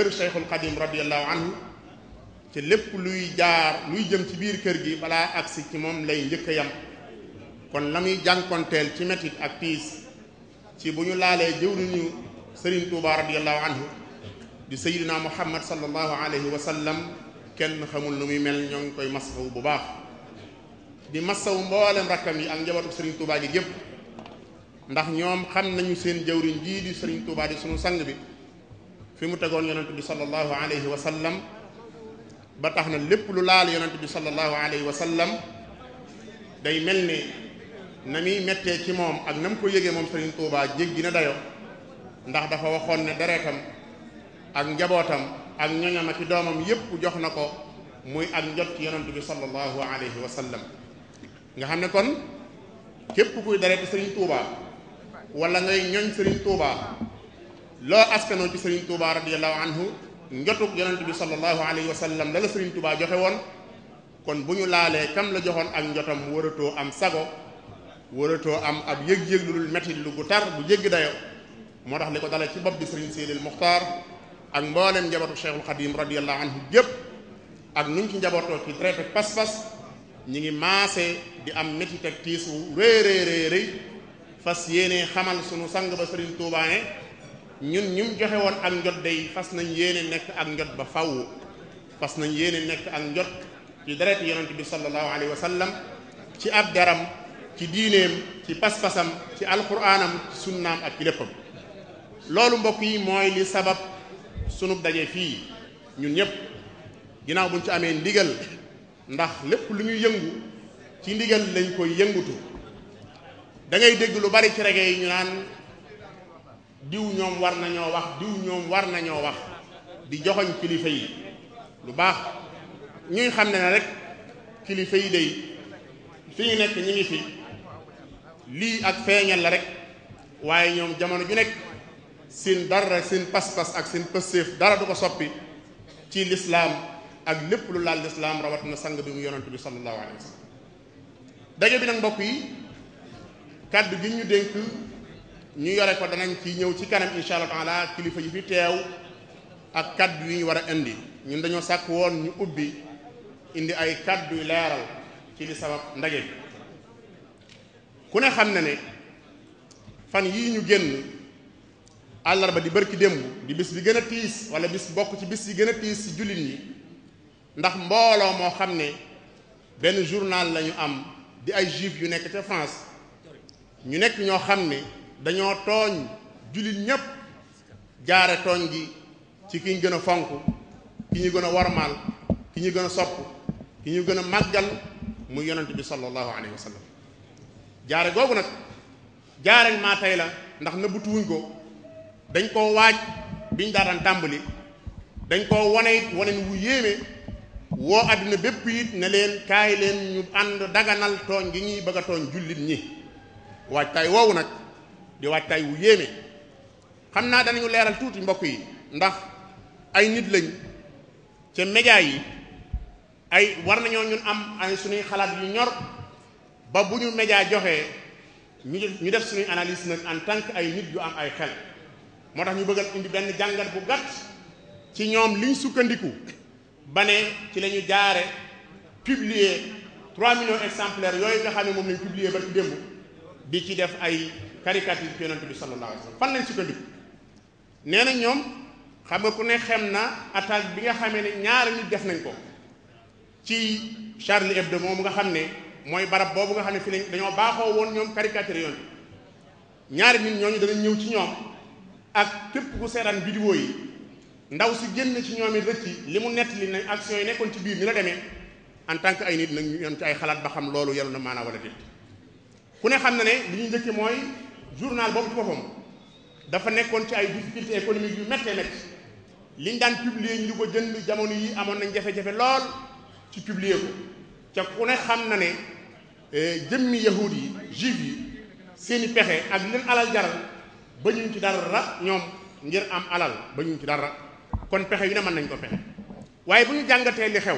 kër Cheikhul Xadim radiyallahu anhu ci lépp luy jaar luy jëm ci biir kër gi balaa agsi ci moom lay njëkk a yam kon la muy jànkonteel ci metit ak piis ci bu ñu laalee jëwriñu Serigne Touba radiyallahu anhu di sayyidina Muhammad sallallahu alayhi wa kenn xamul nu muy mel ñoo ngi koy masawu bu baax di masawu mboolem rakkam yi ak njabootu Serigne Touba gi gépp ndax ñoom xam nañu seen jëwriñ jii di Serigne Touba di sunu sang bi fi mu tegoon yonent bi sallallahu alayhi wa sallam ba tax na lépp lu laal yonent bi sallallahu alayhi wa sallam day mel ni na muy mettee ci moom ak na mu ko yëgee moom Serigne Touba jéggi na dayo ndax dafa waxoon ne deretam ak njabootam ak ñoñam ak doomam yépp jox na ko muy ak njot ci yonent bi sallallahu alayhi wa sallam nga xam ne kon képp kuy dereti Serigne Touba wala ngay ñoñ Serigne Touba لا أسكنه تسرين توبة رضي الله عنه نجتوك جنان تبي صلى الله عليه وسلم لا تسرين توبة جهون كن بني لا لا كم لا جهون أن جتام ورتو أم سقو ورتو أم أبيج يج لول متي لغتار بيج دايو مرحلة قتالة شباب تسرين سيد المختار أن بالم جبر الشيخ القديم رضي الله عنه جب أن نجتام جبر في طريق بس بس نيجي ماسة دي أم متي تكتيسو ري ري ري ري فسيني خمال سنو سانغ بسرين توبة إيه ñun ñu joxe woon ak njot day fas nañ yéene nekk ak njot ba faw fas nañ yéene nekk ak njot ci deret yonent bi sallallahu alayhi wa sallam ci ab daram ci diineem ci pas-pasam ci alquraanam ci sunnaam ak ci léppam loolu mbokk yi mooy li sabab sunub daje fii ñun ñëpp ginnaaw buñ ci amee ndigal ndax lépp lu ñu yëngu ci ndigal lañ koy yëngutu da dégg lu bari ci rege yi diw ñoom war nañoo wax diw ñoom war nañoo wax di joxoñ kilifa yi lu baax ñuy xam ne ne rek kilifa yi day fi ñu nekk ñi ngi fi lii ak feeñal la rek waaye ñoom jamono ju nekk seen dara seen pas-pas ak seen pësséef dara du ko soppi ci lislaam ak lépp lu laal lislaam rawat na sang bi mu yonent bi sallallahu alayhi wa sallam daje bi nag mbokk yi kàddu gi ñu dénk ñu yore ko danañ ci ñëw ci kanam incha allah taala kilifa yi fi teew ak kaddu yi ñu war a indi ñun dañoo sàkk woon ñu ubbi indi ay kaddu yu leeral ci li sabab ndage ku ne xam na ne fan yii ñu génn àllarba di bërki démb di bis bi gën a tiis wala bis bokk ci bis yi gën a tiis ci jullit yi ndax mbooloo moo xam ne benn journal lañu am di ay juif yu nekk ca France ñu nekk ñoo xam ne. dañoo tooñ jullit ñépp jaare tooñ gi ci ki ñu gën a fonk ki ñu gën a warmaal ki ñu gën a sopp ki ñu gën a màggal muy yonent bi sallallahu alayhi wa sallam jaare googu nag jaare maa la ndax nëbbutuwuñ ko dañ koo waaj biñ daataan tàmbali dañ koo wane it wane wu yéeme woo àddina bépp it ne leen kaay leen ñu ànd daganal tooñ gi ñuy bëgg tooñ jullit ñi waaj tay woowu nag di waajtaay wu yéeme xam naa danañu leeral tuuti mbokk yi ndax ay nit lañ ca média yi ay war nañoo ñun am ay suñuy xalaat yu ñor ba bu ñu média joxee ñu def suñuy analyse nag en tant que ay nit yu am ay xel moo tax ñu bëggal indi benn jàngat bu gàtt ci ñoom liñ sukkandiku ba ne ci la ñu jaare publier 3 millions exemplaires yooyu nga xam ne moom lañ publier ba ci démb di ci def ay caricature ci yonent bi sallallahu alayhi wa fan lañ sukkandiku nee na ñoom xam nga ku ne xem na attaque bi nga xamee ne ñaari nit def nañ ko ci Charlie Hebdo moom nga xam ne mooy barab boobu nga xam ne fi lañ dañoo baaxoo woon ñoom caricature yonent ñaari nit ñooñu danañ ñëw ci ñoom ak képp ku seetaan vidéo yi ndaw si génn ci ñoom it rëcc li mu nett li nañ action yi nekkoon ci biir ni la demee en tant que ay nit nag ñu yoon ci ay xalaat ba xam loolu yaru na maanaa wala déet journal boobu ci boppam dafa nekkoon ci ay difficultés économiques yu méttee métti liñ daan publier ñu di jënd jamono yi amoon nañ jafe-jafe lool ci publier ko ca ku ne xam na ne euh, jëmmi yahud yi juif yi seeni pexe ak leen alal jaral ba ñu ci dara ñoom ngir am alal ba ñu ci dara kon pexe yu ne mën nañ ko pexe waaye bu ñu jàngatee li xew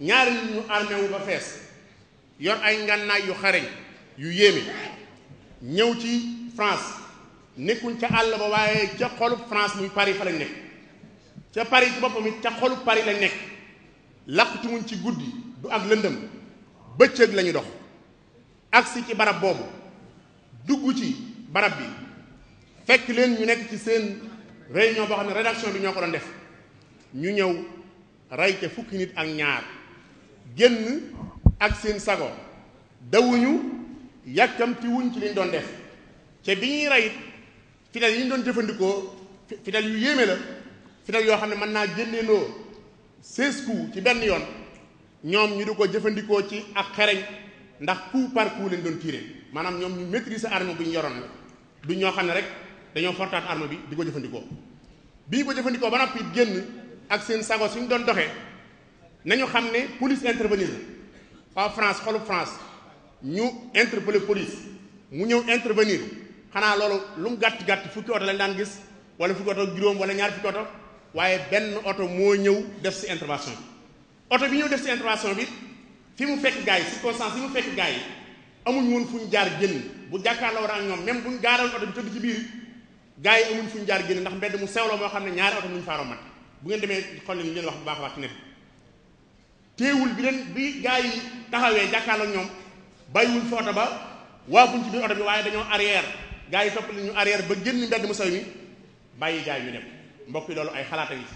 ñaari nit ñu armé ba fees yor ay ngànnaay yu xareñ yu yéeme ñëw ci France nekkuñ ca àll ba waaye ca xolub France muy Paris fa lañ nekk ca Paris ci boppam it ca xolub Paris lañ nekk làqtu ci guddi du ak lëndëm bëccëg lañu dox agsi ci barab boobu dugg ci barab bi fekk leen ñu nekk ci seen réunion boo xam ne rédaction bi ñoo ko doon def ñu ñëw rey ca fukki nit ak ñaar génn ak seen sago dawuñu yàkkamti wuñ ci liñ doon def te bi ñuy rey fidèles yi ñu doon jëfandikoo fidèles yu yéeme la fidèles yoo xam ne mën naa génneendoo seize coups ci benn yoon ñoom ñu di ko jëfandikoo ci ak xereñ ndax coup par coup lañ doon tiré maanaam ñoom ñu maîtriser arme bu ñu yoroon la du ñoo xam ne rek dañoo fortaat arme bi di ko jëfandikoo bii ko jëfandikoo ba noppi génn ak seen sago suñ doon doxee nañu xam ne police intervenir la waa France xolu France ñu interpellé police mu ñëw intervenir xanaa loolu lu mu gàtt gàtt fukki oto lañ daan gis wala fukki oto juróom wala ñaar fukki oto waaye benn oto moo ñëw def si intervention bi oto bi ñëw def si intervention bi fi mu fekk gars yi circonstance yi mu fekk gars yi amuñ woon fu ñu jaar génn bu jàkkaarloo ak ñoom bu ñu gaaral oto bi tëdd ci biir gars yi amuñ fu ñu jaar génn ndax mbedd mu sewloo moo xam ne ñaari oto muñ faaroo mat bu ngeen demee xool leen ñu leen wax bu baax a baax bi bi gars yi taxawee jàkkaarloo ñoom bàyyiwuñ fa oto ba waa waafuñ ci biir oto bi waaye dañoo arrière gaa yi topp li ñu arrière ba génn mbedd mu saw mi bàyyi gaa yi ñu dem mbokk yi loolu ay xalaata a ngi ci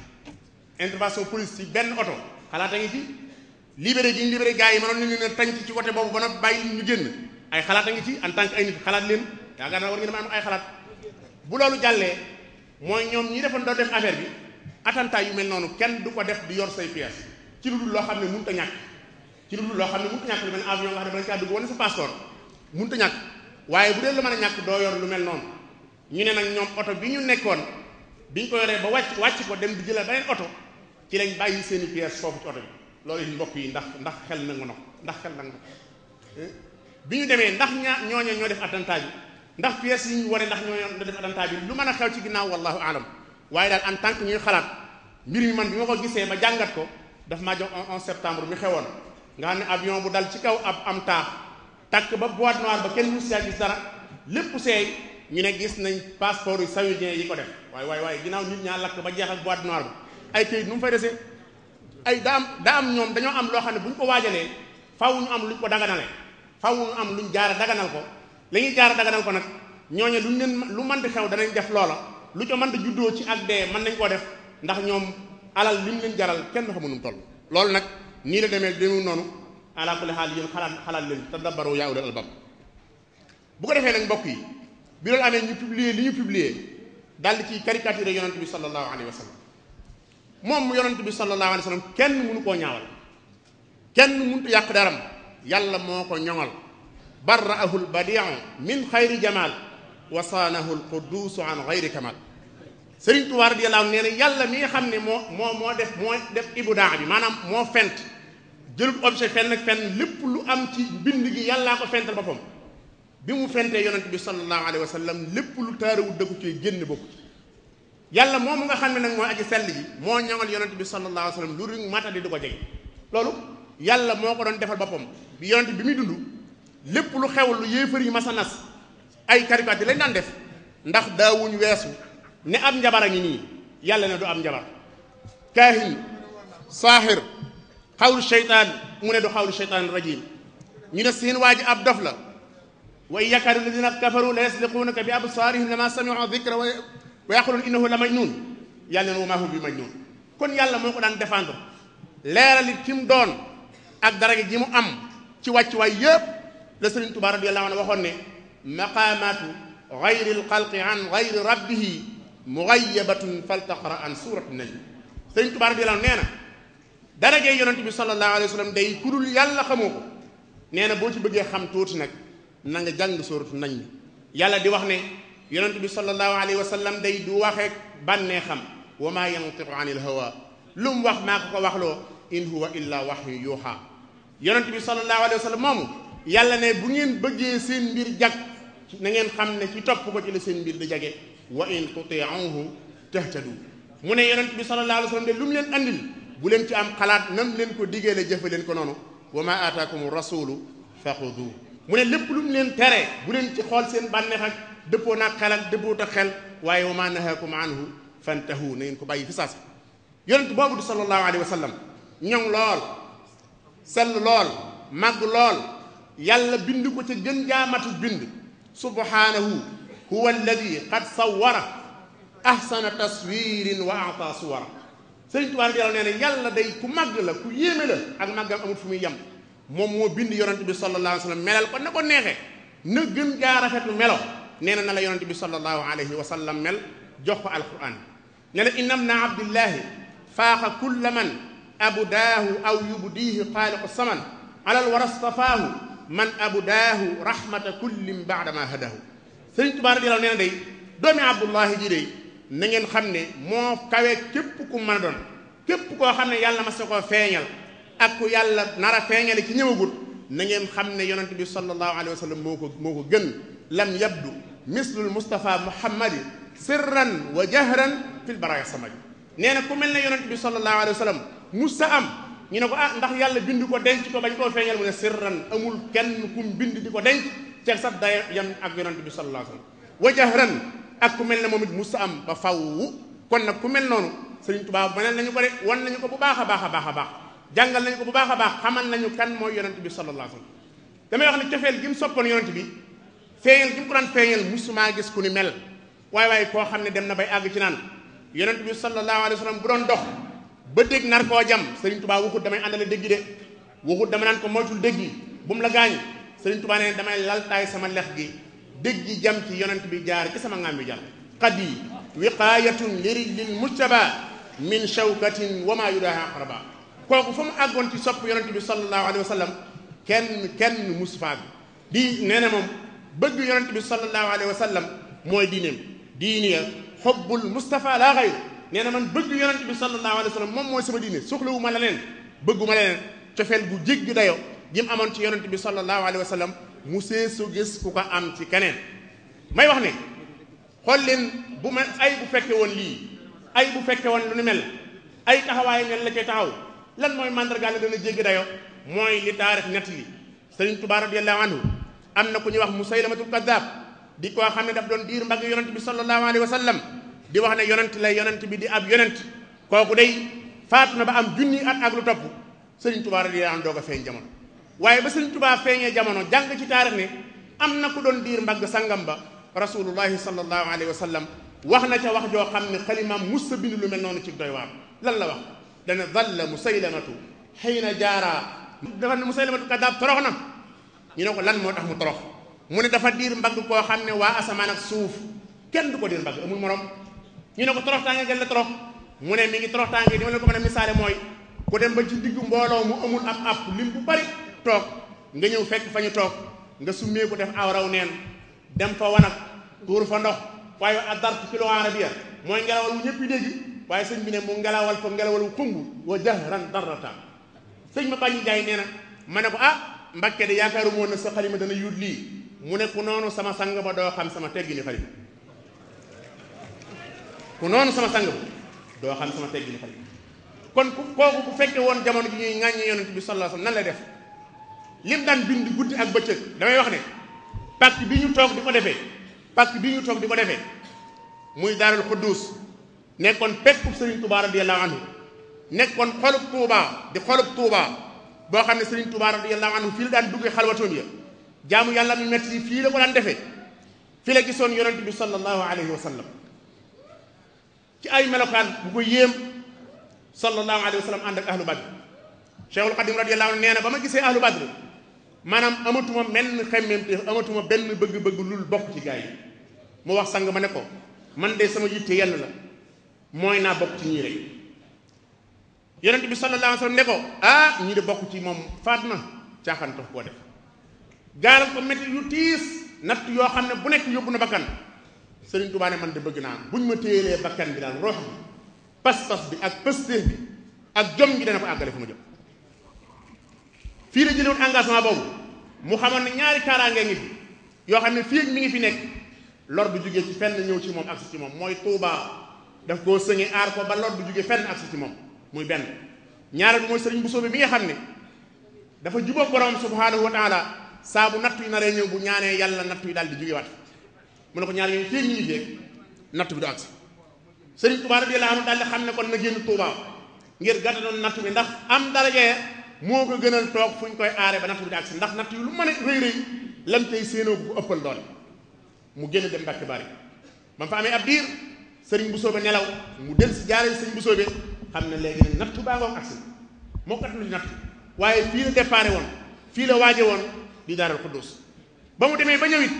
intervention police ci benn oto xalaat a ngi ci libéré gi ñu libéré gaa yi mënoon nañu ne tañ ci côté boobu ba na bàyyi ñu jën ay xalaat ngi ci en tant que ay nit xalaat leen yaakaar naa war ngeen a am ay xalaat bu loolu jàllee mooy ñoom ñi defoon doo def affaire bi attentat yu mel noonu kenn du ko def di yor say pièces ci lu loo xam ne mënut a ñàkk ci lu loo xam ne mënut a ñàkk lu mel ne avion nga xam ne bala caa dugg waaye bu dee lu mën a ñàkk doo yor lu mel noonu ñu ne nag ñoom oto bi ñu nekkoon biñ ko yoree ba wàcc wàcc ko dem di jëla beneen oto ci lañ bàyyi seen i pièces foofu ci oto bi yi ndax ndax xel nangu na ndax xel nangu eh? bi ñu demee ndax ñaa ñooñe ñoo def attentat bi ndax pièces yi ñu ware ndax ñooñe ñoo def attentat bi lu mën a xew ci ginnaaw wallahu alam waaye daal en tant ñuy xalaat mbir mi man bi ma ko gisee ba jàngat ko daf maa jox 11 septembre mi xewoon nga xam ne avion bu dal ci kaw ab am taax takk ba boîte noire ba kenn musia gis dara lépp seey ñu ne gis nañ passeport yu saoudien yi ko def waaye waaye waaye ginnaaw nit ñaa lakk ba jeex ak boîte noire ba ay kayit nu mu fay desee ay daa am daa am ñoom dañoo am loo xam ne bu ñu ko waajalee faw ñu am luñ ko daganale faw ñu am lu ñu jaar jaara daganal ko li ñuy jaara daganal ko nag ñooñe luñ leen lu mën di xew danañ def loola lu ca mën di juddoo ci ak dee mën nañ koo def ndax ñoom alal lim leen jaral kenn xamu nu mu loolu nag ni la demel demu nonu ala kulli xaal yéen xalaat xalaat leen tadabbaru ya ulul albab bu ko defé nak mbokk yi bi lol amé ñu publier li ñu publier dal ci caricature yonent bi sallallahu alayhi wasallam mom moom bi sallallahu alayhi wasallam sallam kenn mënu ko ñaawal kenn mënut yak daram yàlla moko ñongal ñoŋal barra'ahu albadiu min khayri jamal wa saanahu alquduusu an ghayri kamal sëriñ Tuubaa radiyallaahu nee na yàlla mi nga xam ne moo moo moo def moo def ibudaa bi maanaam moo fent jëlut objet fenn ak fenn lépp lu am ci mbind gi yàllaa ko fental boppam bi mu fentee yonent bi sallallahu alayhi wa sallam lépp lu taarawut da ko ci génn bokku ci yàlla moom nga xam ne nag mooy aji sell ji moo ñaŋal yonent bi sallallahu alayhi wa sallam lu ring mata di du ko jege loolu yàlla moo ko doon defal boppam bi yonent bi muy dund lépp lu xewal lu yéefar yi masa nas ay caricature lañ daan def ndax daawuñ weesu ne am njabar a ngi nii yàlla ne du am njabar kaahin sahir xawlu shaytan mu ne du xawlu sheytaan rajim ñu ne seen waji ab dof la way yakaru yakaadu kafaru la yasliquunaka bi absarihim lama samiu dhikra wa yaquluun innahu la yàlla ne ma hu bi majnun kon yàlla moko dan défendre leerali mu ak dara gi mu am ci way yeb la serigne touba rabbi yalla waxoon ne maqaamaatu gayri alxalqi an gayri rabbihi mughayyabatun faltaqra an surat najm sëriñ Tuubaa radiyallaahu nee na darajee yonent bi sallallahu alayhi wa sallam day ku dul yàlla xamoo ko nee na boo ci bëggee xam tuuti nag na nga jàng suuratu najm yàlla di wax ne yonent bi sallallahu alayhi wa sallam day du waxee bànnee xam wa maa yantiqu anil hawa lu mu wax maa ko ko waxloo in huwa illa waxyu yuuxa yonent bi sallallahu alayhi wa sallam moomu yàlla ne bu ngeen bëggee seen mbir jag na ngeen xam ne ci topp ko ci la seen mbir di jage وإن تطيعوه تهتدوا من يرنت بصلى الله عليه وسلم لم لن أنل بلن تأم قلات نم لن كو ديجي لجف لن كنانو وما آتاكم الرسول فخذوه من لب لم لن ترى بلن تخال سين بانه دبونا قلات دبو تخل ويوما نهاكم عنه فانتهوا نين كو باي فساس يرنت بابو صلى الله عليه وسلم نيون لول سل لول ماغ لول يالا بيندكو تي جن جاماتو بيند سبحانه هو الذي قد صور احسن تصوير واعطى صورا سيدي تبارك الله نانا يالا داي كو ماغ لا كو ييمي لا اك ماغ امو فمي يام موم مو بيند يونت بي صلى الله عليه وسلم ملال كو نكو نيهي نا گم جا رافت ملو نانا نلا يونت بي صلى الله عليه وسلم مل جوخ القران نلا ان ابن عبد الله فاق كل من ابداه او يبديه خالق السمن على الورى اصطفاه من ابداه رحمه كل بعد ما هداه sëriñ Tuubaa radiyallaahu nee na day doomi Abdullahi ji day na ngeen xam ne moo kawe képp ku mën a doon képp koo xam ne yàlla mas na koo feeñal ak ku yàlla nar a feeñale ci ñëwagut na ngeen xam ne yonent bi sallallahu alayhi wa sallam moo ko moo ko gën lam yabdu mislul Mustafa Muhammadi sirran wa jahran fil baraya samadi nee na ku mel ne yonent bi sallallahu alayhi wa sallam musta am ñu ne ko ah ndax yàlla bind ko denc ko bañ koo feeñal mu ne sirran amul kenn kum bind di ko denc te sax day yan ak yonante bi sallallahu alayhi ak ku mel ne moom it musta am ba fawwu kon na ku mel noonu Sëriñ ba manel nañu ko de wan nañu ko bu baax a baax a baax a baax jàngal nañu ko bu baax a baax xamal nañu kan mooy yonante bi sallallahu alayhi wa sallam damay wax ne cofeel gi mu soppoon yonante bi feeñal gi mu ko daan feeñal gis ku ni mel waaye waaye koo xam ne dem na bay àgg ci naan yonent bi sallallahu alayhi wa sallam bu doon dox ba dégg nar koo jam Sëriñ Tuubaa waxut damay àndale dégg de waxut dama naan ko moytul dégg bu mu la gaañ serigne touba nee damay lal tay sama lex gi gi jam ci yonent bi jaar ci sama ngam bi jaar qadi wiqayatun wiqaayatun lil mujtaba min shawkatin wama maa yudaaha koku fam agon ci sop yonent bi sallallahu alaihi wasallam sallam kenn kenn musu fa àgg di nee na moom yonent bi sallallahu alaihi wasallam moy dinem diineem diine ya xubbul Mustafa la ghayr neena man beug yonent bi sallallahu alaihi wasallam mom moy sama diine soxlawuma lenen beuguma lenen ma leneen cofeel bu jéggi dayo ji amoon ci yonent bi sallallahu alayhi wa sallam mu seesu gis ku ko am ci keneen may wax ne xool leen bu ma ay bu fekke woon lii ay bu fekke woon lu ni mel ay taxawaay ñan la cay taxaw lan mooy màndargaal la dana jéggi dayo mooy li taarix nett li sëriñ Tuubaa radiyallahu anhu am na ku ñuy wax mu ma Musaylamatul Kazzaab di koo xam ne daf doon diir mbagg yonent bi sallallahu alayhi wa sallam di wax ne yonent la yonent bi di ab yonent kooku day faatu na ba am junni at ak lu topp sëriñ Tuubaa radiyallahu anhu doog a feeñ jamono waaye ba sëñ tubaa feeñee jamono jàng ci taarix ne am na ku doon diir mbagg sangam ba rasulullahi sallallahu alayhi wa sallam wax na ca wax joo xam ne xalimaam musa bindu lu mel noonu ci doy waar lan la wax dana dalla musaylamatu xiina jaaraa dafa ne musaylamatu kaddaab torox na ñu ne ko lan moo tax mu torox mu ne dafa diir mbagg koo xam ne waa asamaan suuf kenn du ko diir mbagg amul morom ñu ne ko torox tànge gën la torox mu ne mi ngi torox tànge ni ma leen ko mooy ku dem ba ci diggu mbooloo mu amul ab ab lim bu bari tok nga ñew fekk fa ñu toog nga ko def awraw neen dem fa wanag tour fa ndox waaye adartu fi loo arabia mooy ngelawal wu ñepp dégg waye señ bi ne mu ngelawal fa ngelawal wu kumbu wa jahran darrata señ ma bañu jaay neena mané ko ah mbacké de yaakaaru mo na sa xalima dana yuut mu ne ku nonu sama sang ba do xam sama teggini xalima ku nonu sama sang ba doo xam sama teggini xalima kon kooku bu fekke won jamono gi ñuy ŋàññi yonent bi sallallahu alayhi wasallam nan lay def lim daan bind guddi ak bëccëg damay wax ne pacte bi ñu toog di ko defee pacte bi ñu toog di ko defee muy daaral xudduus nekkoon pekkub Serigne Touba radiyallahu anhu nekkoon xolub Touba di xolub Touba boo xam ne Serigne Touba radiyallahu anhu fii la daan duggee xalwatoom ya jaamu yàlla mi metti yi fii la ko daan defee fii la gisoon yonent bi sallallahu alayhi wa sallam ci ay melokaan bu ko yéem sallallahu alayhi wa sallam ànd ak ahlu badr Cheikhul Xadim radiyallahu anhu nee na ba ma gisee ahlu badr manam amatuma menn xemmemte amatuma ben bëgg-bëgg lul bok ci gaay mu wax sang mané ko man dé sama yitté yalla la moy na bok ci ñi rek yaron bi sallallahu alayhi wasallam ne ko ah ñi de bok ci mom faat ci caaxaan tax koo def gaal ko metti yu tiss nat yo xam bu nek yobbu na bakkan serigne touba ne man de bëgg na buñ ma téyelee bakkan bi dal rox pas-pas bi ak pëstéef bi ak jom gi dana ko agalé fu mu jom fii la jëlewoon engagement boobu mu xamoon ne ñaari kaaraange ngi fi yoo xam ne fii ak mi ngi fi nekk lor du jugee ci fenn ñëw ci moom ak ci moom mooy Touba daf koo sëñe aar ko ba lor du jugee fenn agsi ci moom muy benn ñaareel bi mooy sëriñ bu soobee bi nga xam ne dafa jubóog borom subhaanahu wa taala saa bu natt yi naree ñëw bu ñaanee yàlla natt yi daal di jugee waat mu ne ko ñaar fii ak ñu ngi fi natt bi du agsi sëriñ Touba radiyallahu anhu daal di xam ne kon na génn Touba ngir gàttaloon natt moo ko gënal toog fu koy aaree ba natt bi di agsi ndax natt lu mën a rëy rëy lam tey ëppal doole mu génn dem Mbàkke Bari ba mu fa amee ab diir sëriñ bu nelaw mu del si jaaree sëriñ bu xam ne léegi nag nattu baa ngoog agsi moo ko atlu di waaye fii la déparé woon fii la waaje woon di daaral Xudduus ba mu demee ba ñëw it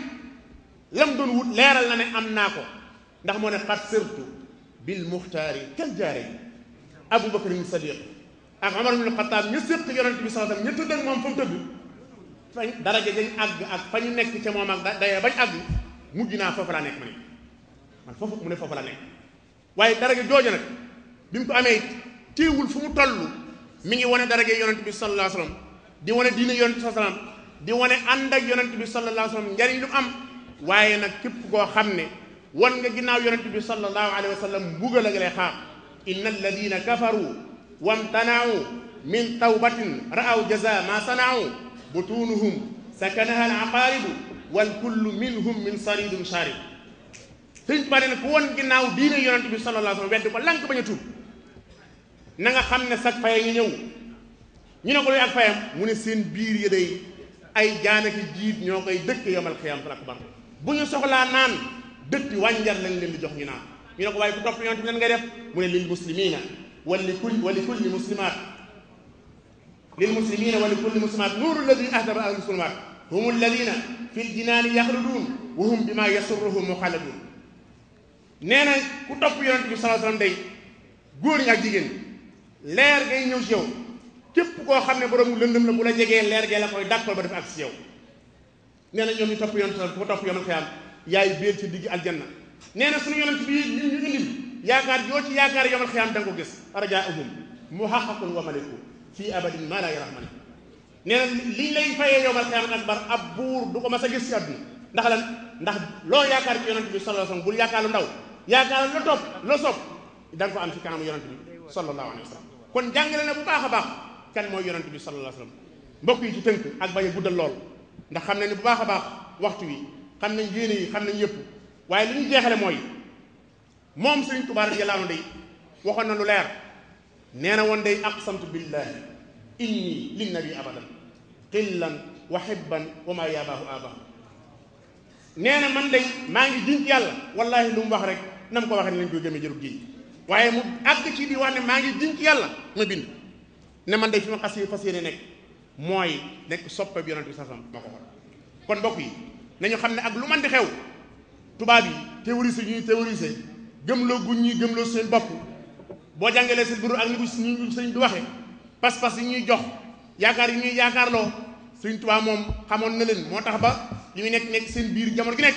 lam doon wut leeral na ne am naa ko ndax moo ne xat sirtu bil muxtaari kal jaare abou bacrin sadiq ak Omar ibn Khattab ñu sekk yaronte bi sallallahu alayhi wasallam ñu tëdd ak moom fa mu tëdd fañ daraja dañ ag ak fañ nekk ci mom ak daye bañ ag mujj naa fofu la nekk ma man fofu mu ne fofu la nekk waye dara jooju jojo nak bimu ko amé téewul fu mu tollu mi ngi woné dara daraja yaronte bi sallallahu alayhi wasallam di woné diine yaronte sallallahu alayhi wasallam di woné ànd ak yaronte bi sallallahu alayhi wasallam njariñ lu am waye nak kep go xamné won nga ginnaaw yaronte bi sallallahu alayhi wasallam mbugal ak lay xam innal ladina kafaroo وامتنعوا من توبة رأوا جزاء ما صنعوا بطونهم سكنها العقارب والكل منهم من صريد شارب sëñ Tuubaa nee na ku woon ginnaaw diine yonent bi sallallahu alayhi wa sallam wedd ko lank bañ a tuub na nga xam ne sag faye ngi ñëw ñu ne ko luy ak fayam mu ne seen biir yi day ay jaanaki jiit ñoo koy dëkk yomal xiyam fa akbar bu ñu soxlaa naan dëtti wànjar lañ leen di jox ñu naan ñu ne ko waaye ku topp yonent bi leen ngay def mu ne lil muslimina ولكل ولكل مسلمات للمسلمين ولكل مسلمات نور الذي اهدب اهل المسلمات هم الذين في الجنان يخلدون وهم بما يسرهم مخلدون نانا كو توب يونت صلى الله عليه وسلم لير غاي نيو سيو كيب كو خامني بروم لندم لا بولا جيغي لير غاي لا كوي داكول با ديف اك سيو نانا نيوم ني توب يونت كو توب يوم القيامه ياي بيل سي ديجي الجنه نانا سونو يونت بي ني نديب yaakaar yoo ci yaakaar yomal xiyaam da nga ko gis rajaahum muhaqqaqun wa malikun fii abadin maa laa yarahmani nee na liñ lay fayee yomal xiyaam akbar ab buur du ko mas a gis ci àdduna ndax lan ndax loo yaakaar ci yonent bi sallallahu alayhi wa bul yaakaar lu ndaw yaakaar lu topp loo sopp da nga ko am ci kanamu yonent bi sallallahu alayhi wa sallam kon jàngale na bu baax a baax kan mooy yonent bi sallallahu alayhi wa sallam mbokk yi ci tënk ak bañ a guddal lool ndax xam nañ ne bu baax a baax waxtu wi xam nañ yéene yi xam nañ yëpp waaye li ñu jeexale mooy moom sëriñ Tuubaa radiyallaahu anhu waxoon na lu leer nee na woon day aqsamtu billaahi inni lin nabi abadan xillan wa xibban wa maa yaabaahu aabaahu nee na man day maa ngi giñ yàlla wallaahi lu mu wax rek na mu ko waxee ne lañ koy gëmee jëru giñ waaye mu àgg maa ngi giñ yàlla ma bind ne man day fi ma xas yi fas yéene nekk mooy nekk soppe bi yonent bi ma ko xool kon mbokk yi nañu xam ne ak lu man di xew tubaab yi théorisé ñuy théorisé gëmloo guñ ñuy gëmloo seen bopp boo jàngalee seen buru ak ni ko ñu sëriñ bi waxee pas-pas yi ñuy jox yaakaar yi ñuy yaakaarloo sëriñ Tuubaa moom xamoon na leen moo tax ba li ñu nekk nekk seen biir jamono gi nekk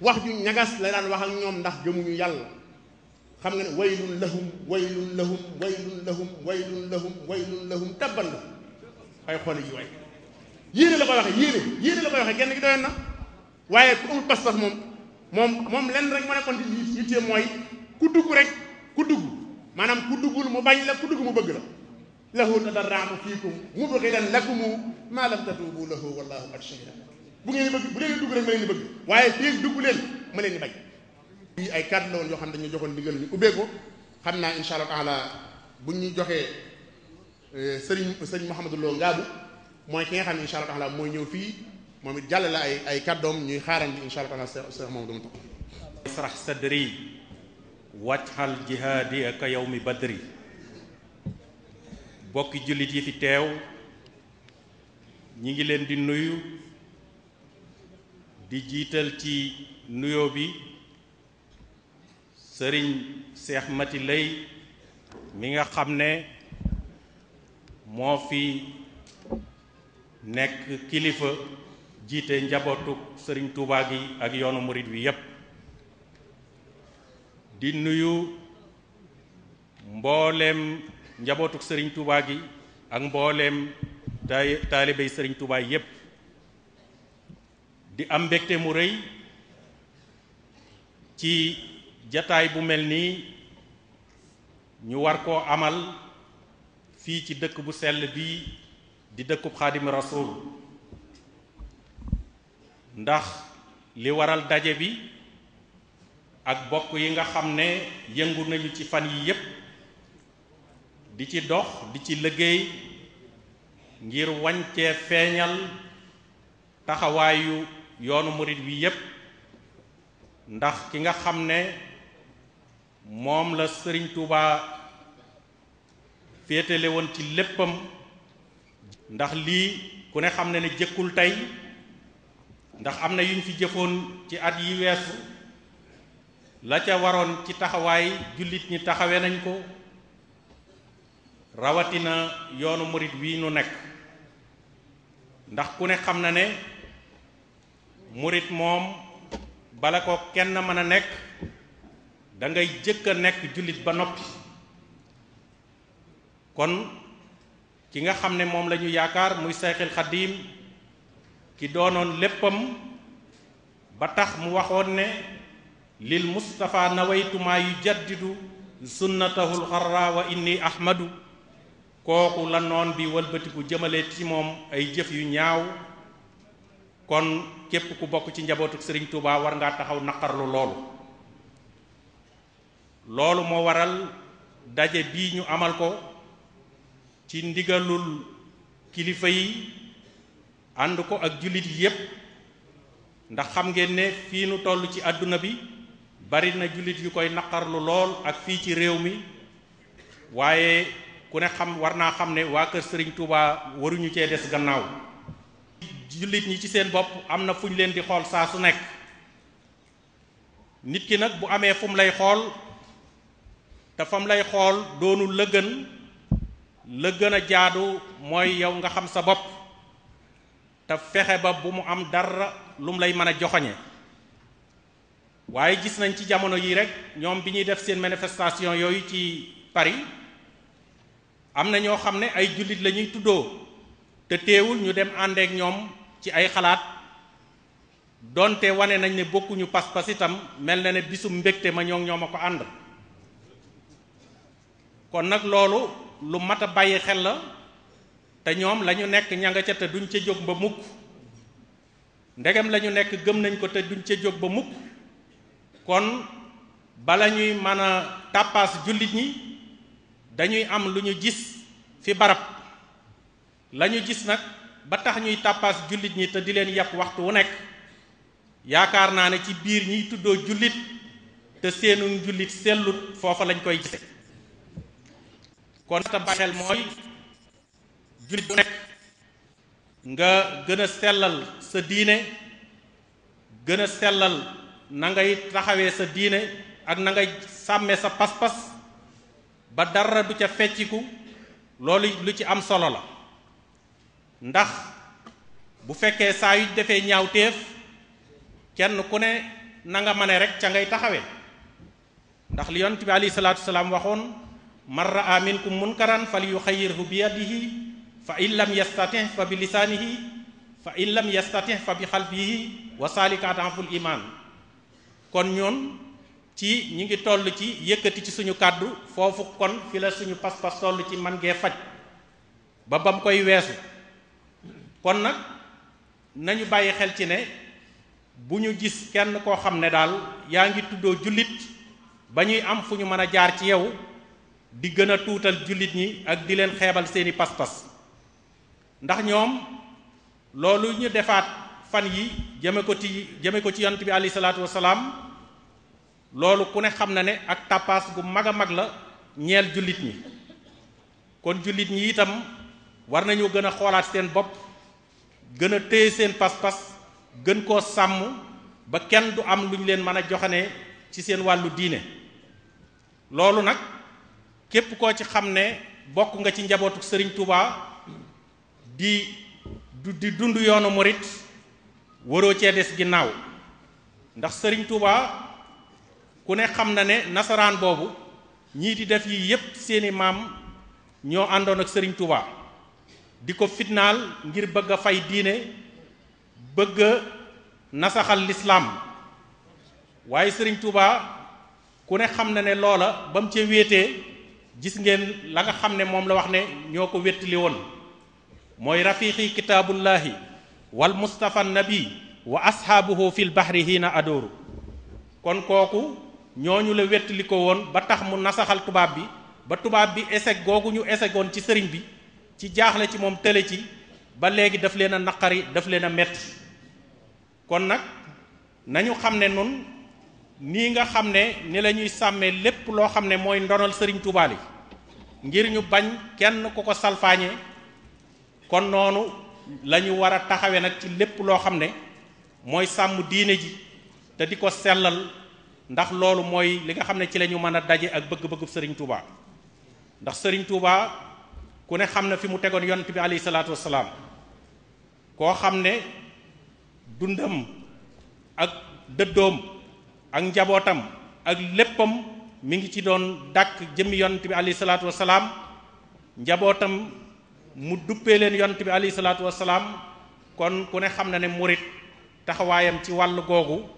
wax ju ñagas la daan wax ak ñoom ndax gëmuñu yàlla xam nga ne waylun lahum waylun lahum waylun lahum waylun lahum waylun la ay xoole ji waay yéene la koy waxee yéene yéene la koy waxee genn gi doyoon na waaye ku amul pas-pas moom moom moom lenn rek mën a konti yitteem mooy ku dugg rek ku dugg maanaam ku duggul mu bañ la ku dugg mu bëgg la lahu tadarra'tu fiikum mubghidan lakum maa lam tatuubu lahu wallahu qad shahida bu ngeen bëgg bu leen dugg rek ma leen di bëgg waaye fii dugg leen ma leen di bañ yi ay kàddu la yoo xam ne dañu joxoon ndigal ñu ubbee xam naa insha allah taala bu ñu joxee eh, sëriñ sëriñ Mouhamadou Lo Ngaabu mooy ki nga xam ne insha allah taala mooy ñëw fii moom it jàllale ay ay kàddoom ñuy xaarandi insha allah taala seex moom dama topp israh sadri wajhal jihaadi ka yawmi badri bokki jullit yi fi teew ñi ngi leen di nuyu di jiital ci nuyoo bi sëriñ seex mati lay mi nga xam ne moo fi nekk kilifa jiite njabootu sëriñ Touba gi ak yoonu morit wi yépp di nuyu mbooleem njabootuk sëriñ Touba gi ak mbooleem taalibey sëriñ Touba yépp di am mbégte mu rëy ci jataay bu mel nii ñu war koo amal fii ci dëkk bu sell bi di dëkkub Xaadimu Rasuul ndax li waral daje bi ak bokk yi nga xam ne yëngu nañu ci fan yii yépp di ci dox di ci liggéey ngir wañcee feeñal taxawaayu yoonu murit wi yépp ndax ki nga xam ne moom la sëriñ Tuubaa woon ci léppam ndax lii ku ne xam ne ne jëkkul tey ndax am na yuñ fi jëfoon ci at yi weesu la ca waroon ci taxawaay jullit ñi taxawe nañ ko rawatina yoonu morit wi nu nekk ndax ku ne xam na ne morit moom bala ko kenn mën a nekk da ngay jëkk a nekk jullit ba noppi kon ki nga xam ne moom la yaakaar muy Seexul Xadiim ki doonoon léppam ba tax mu waxoon ne lil mustafa nawaytumaa yu jaddidu sunnatahu lxarra indi inni ahmadu kooku la noon bi wëlbatiku jëmale ci moom ay jëf yu ñaaw kon képp ku bokk ci njabootu sëriñ Touba war ngaa taxaw naqarlu loolu loolu moo waral daje bii ñu amal ko ci ndigalul kilifa yi ànd ko ak jullit yépp ndax xam ngeen ne fii nu toll ci àdduna bi bari na jullit yu koy naqarlu lool ak fii ci réew mi waaye ku ne xam war naa xam ne waa kër Serigne Touba waruñu cee des gannaaw jullit ñi ci seen bopp am na fu ñu leen di xool saa su nekk nit ki nag bu amee fum lay xool te lay xool doonu lëgën lëgën a jaadu mooy yow nga xam sa bopp te fexe ba bu mu am dara lu lay mën a joxoñe waaye gis nañ ci jamono yi rek ñoom bi ñuy def seen manifestation yooyu ci Paris am na ñoo xam ne ay jullit lañuy tuddoo te teewul ñu dem àndeek ñoom ci ay xalaat donte wane nañ ne bokkuñu pas-pas itam mel na ne bisum mbégte ma ñoo ñoom a ko ànd kon nag loolu lu mat bàyyi xel la te ñoom lañu nekk ña nga ca te duñ ca jóg ba mukk ndegam lañu nekk gëm nañ ko te duñ ca jóg ba mukk kon bala ñuy mën a tàppaas jullit ñi dañuy am lu ñu gis fi barab lañu gis nag ba tax ñuy tàppaas jullit ñi te di leen yàpp waxtu wu nekk yaakaar naa ne ci biir ñiy tuddoo jullit te seenu jullit sellut foofa lañ koy kon ta baxel mooy julit bu nek nga gëna sellal sa diine gëna sellal na ngay taxawé sa diine ak na ngay samé sa pas-pas ba dara du ca fecciku loolu lu ci am solo la ndax bu fekkee sa yu ñaaw ñaawteef kenn ku ne na nga mané rek ca ngay taxawé ndax li yonent bi alayhi salaatu salaam man raa minkum munkaran falyukhayyirhu fa in lam yastatih fa bi lisaanihi fa in lam yastatih bi xalbihi wa kon ñoon ci ñi ngi toll ci yëkkati ci suñu kàddu foofu kon fi la suñu pas-pas toll ci man gee faj ba bam koy weesu kon nag nañu bàyyi xel ci ne bu ñu gis kenn koo xam ne daal yaa ngi tuddoo jullit ba ñuy am fu ñu mën a jaar ci yow di gën a tuutal jullit ñi ak di leen xeebal seeni pas-pas ndax ñoom loolu ñu defaat fan yi jëme ko ci jëme ko ci yonent bi alayhi salaatu wasalaam loolu ku ne xam na ne ak tapas gu mag a mag la ñeel jullit ñi kon jullit ñi itam war nañu gën a xoolaat seen bopp gën a téye seen pas-pas gën koo sàmm ba kenn du am lu mana leen mën a joxane ci seen wàllu diine loolu nag képp koo ci xam ne nga ci njabootu sëriñ Touba di di dund yoonu morit waroo cee des ginnaaw ndax sëriñ Touba ku ne xam na ne nasaraan boobu ñii di def yi yépp seeni maam ñoo àndoon ak sëriñ Touba di ko fitnaal ngir bëgg a fay diine bëgga a nasaxal lislaam waaye sëriñ Touba ku ne xam na ne loola ba mu ca wéetee gis ngeen la nga xam ne moom la wax ne ñoo ko wéttali woon mooy rafiqi kitaabullahi wal mustafa nabi wa ashaabuhu fil bahri hiina adooru kon kooku ñooñu la wettali ko woon ba tax mu nasaxal tubaab bi ba tubaab bi échec googu ñu échecoon ci sëriñ bi ci jaaxle ci moom tële ci ba léegi daf leen a naqari daf leen a metti kon nag nañu xam ne nun nii nga xam ne ni lañuy ñuy sàmmee lépp loo xam ne mooy ndonal sëriñ Tuubaa li ngir ñu bañ kenn ku ko salfaañe kon noonu lañu ñu war a taxawee nag ci lépp loo xam ne mooy sàmm diine ji te di ko sellal ndax loolu mooy li nga xam ne ci lañu ñu mën a daje ak bëgg-bëggu Serigne Touba ndax sëriñ Touba ku ne xam ne fi mu tegoon yonent bi alayhi salaatu wasalaam koo xam ne dundam ak dëddoom ak njabootam ak léppam mu ngi ci doon dàkk jëmmi yonent bi alayhi salaatu wasalaam njabootam mu duppee leen yonent bi alayhi salaatu wasalaam kon ku ne xam na ne murit taxawaayam ci wàll googu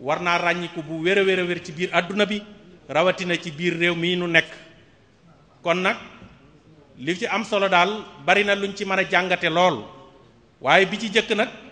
war naa ràññiku bu wér a wér wér ci biir àdduna bi rawatina ci biir réew mi nu nekk kon nag li ci am solo daal bari na luñ ci mën a jàngate lool waaye bi ci jëkk nag